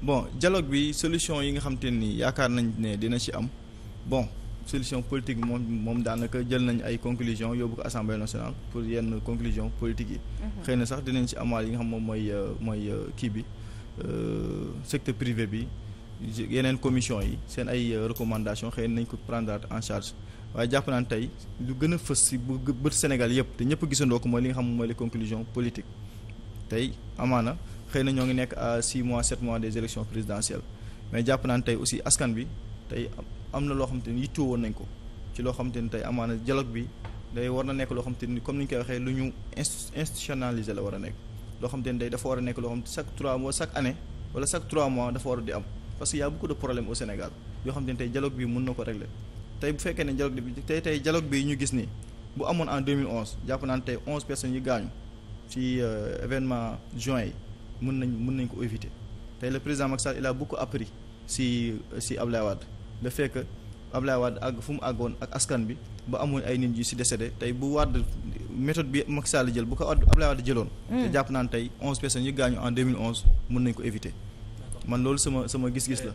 bon dialogue bi solution yi nga xam te nii yaakaar nañ ne dina ci am bon solution politique moom moom daanaka jël nañ ay conclusion yóbbu ko assemblée nationale pour yenn conclusion politique yi. Mhm. xëy na sax dinañ ci amaal yi nga xam moom mooy euh, mooy euh, kii bi euh, secteur privé bi yeneen commission yi seen ay recommandation xëy nañ ko prendre en charge waaye jàpp naan tey lu gën a fës ci bu bët Sénégal yëpp te ñëpp gisandoo ko mooy li nga xam mooy les conclusions politiques tey amaana. xëy na ñoo ngi nekk à six mois sept mois des élections présidentielles mais jàpp naan tey aussi askan bi tey am na loo xamante ni woon nañ ko ci loo xamante ni tey amaana dialogue bi day war na nekk loo xamante ni comme ni ñu koy waxee lu ñu institutionnalisé la war a nekk loo xamante ni day dafa war a loo xamante chaque trois mois chaque année wala chaque trois mois a di am parce a beaucoup de problèmes au Sénégal yoo xamante ni tey dialogue bi mën tey bu fekkee ne dialogue bi tey tey dialogue bi ñu gis nii bu amoon en 2011 jàpp naa ne tey 11 personnes yi gaañu ci euh, événement juin yi mën nañ mën nañ ko éviter tey le président Macky Sall il a beaucoup si si Ablaye Wade le fekk que Ablaye Wade àgg fu mu àggoon ak askan bi ba amoon ay nit yu si décédé tey bu Wade méthode bi Macky Sall jël bu ko Ablaye Wade jëloon. Mm. te jàpp naan tey onze personnes yi gaañu en 2011 mën nañ ko éviter. man loolu sama sama gis-gis la.